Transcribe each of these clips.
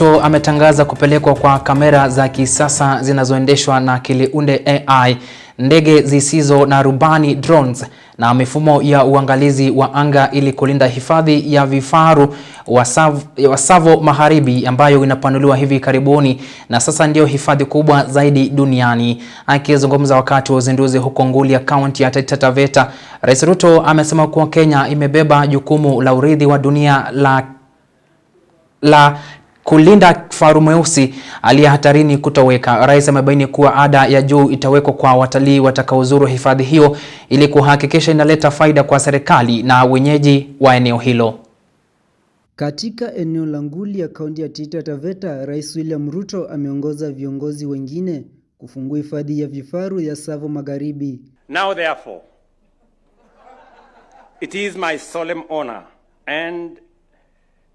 Ruto ametangaza kupelekwa kwa kamera za kisasa zinazoendeshwa na akili unde AI, ndege zisizo na rubani drones, na mifumo ya uangalizi wa anga ili kulinda hifadhi ya vifaru wa Tsavo, Magharibi ambayo inapanuliwa hivi karibuni na sasa ndiyo hifadhi kubwa zaidi duniani. Akizungumza wakati wa uzinduzi huko ya kaunti ya Taita Taveta, Rais Ruto amesema kuwa Kenya imebeba jukumu la urithi wa dunia la la kulinda kifaru mweusi aliye hatarini kutoweka. Rais amebaini kuwa ada ya juu itawekwa kwa watalii watakaozuru hifadhi hiyo ili kuhakikisha inaleta faida kwa serikali na wenyeji wa eneo hilo. Katika eneo la Nguli ya kaunti ya Taita Taveta, Rais William Ruto ameongoza viongozi wengine kufungua hifadhi ya vifaru ya Tsavo Magharibi. Now therefore it is my solemn honor and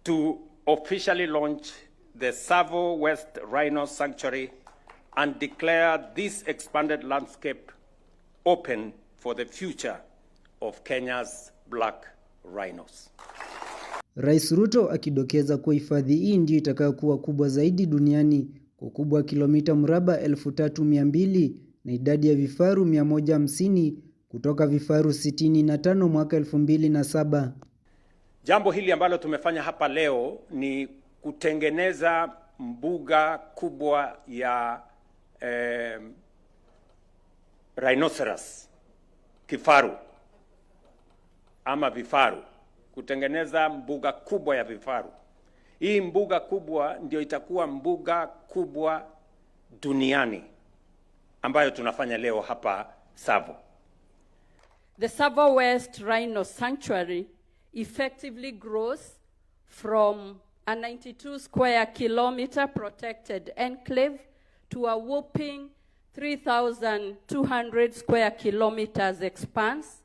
to officially launch the Savo West Rhino Sanctuary and declare this expanded landscape open for the future of Kenya's black rhinos. Rais Ruto akidokeza kuwa hifadhi hii ndiyo itakayokuwa kubwa zaidi duniani kwa ukubwa wa kilomita mraba elfu tatu 3200 na idadi ya vifaru 150 kutoka vifaru 65 mwaka 2007. Jambo hili ambalo tumefanya hapa leo ni kutengeneza mbuga kubwa ya eh, rhinoceros kifaru ama vifaru, kutengeneza mbuga kubwa ya vifaru. Hii mbuga kubwa ndio itakuwa mbuga kubwa duniani ambayo tunafanya leo hapa Savo. The Savo West Rhino Sanctuary effectively grows from a 92 square kilometer protected enclave to a whopping 3,200 square kilometers expanse,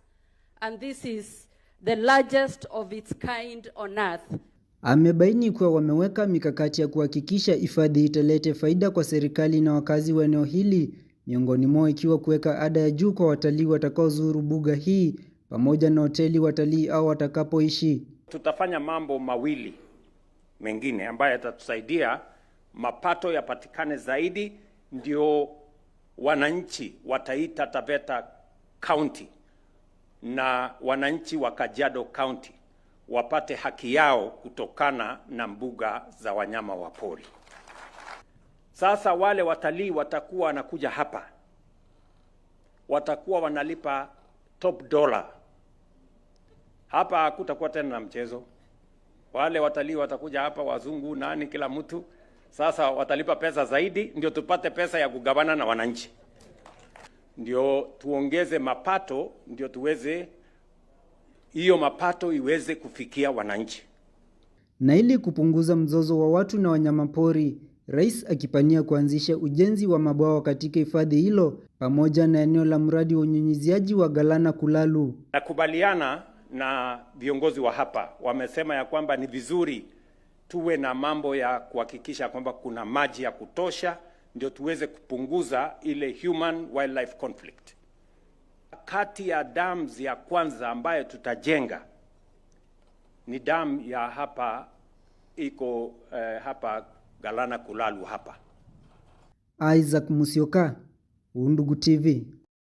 and this is the largest of its kind on earth. Amebaini kuwa wameweka mikakati ya kuhakikisha hifadhi italete faida kwa serikali na wakazi wa eneo hili, miongoni mwao ikiwa kuweka ada ya juu kwa watalii watakaozuru buga hii pamoja na hoteli watalii au watakapoishi. Tutafanya mambo mawili mengine ambayo yatatusaidia mapato yapatikane zaidi, ndio wananchi wataita Taveta County na wananchi wa Kajiado County wapate haki yao kutokana na mbuga za wanyama wa pori. Sasa wale watalii watakuwa wanakuja hapa, watakuwa wanalipa top dollar. Hapa hakutakuwa tena na mchezo wale watalii watakuja hapa, wazungu nani, kila mtu sasa watalipa pesa zaidi, ndio tupate pesa ya kugawana na wananchi, ndio tuongeze mapato, ndio tuweze hiyo mapato iweze kufikia wananchi. Na ili kupunguza mzozo wa watu na wanyamapori, Rais akipania kuanzisha ujenzi wa mabwawa katika hifadhi hilo pamoja na eneo la mradi wa unyunyiziaji wa Galana Kulalu. Nakubaliana na viongozi wa hapa wamesema ya kwamba ni vizuri tuwe na mambo ya kuhakikisha kwamba kuna maji ya kutosha, ndio tuweze kupunguza ile human wildlife conflict. Kati ya dams ya kwanza ambayo tutajenga ni dam ya hapa iko eh, hapa Galana Kulalu hapa. Isaac Musioka, Undugu TV.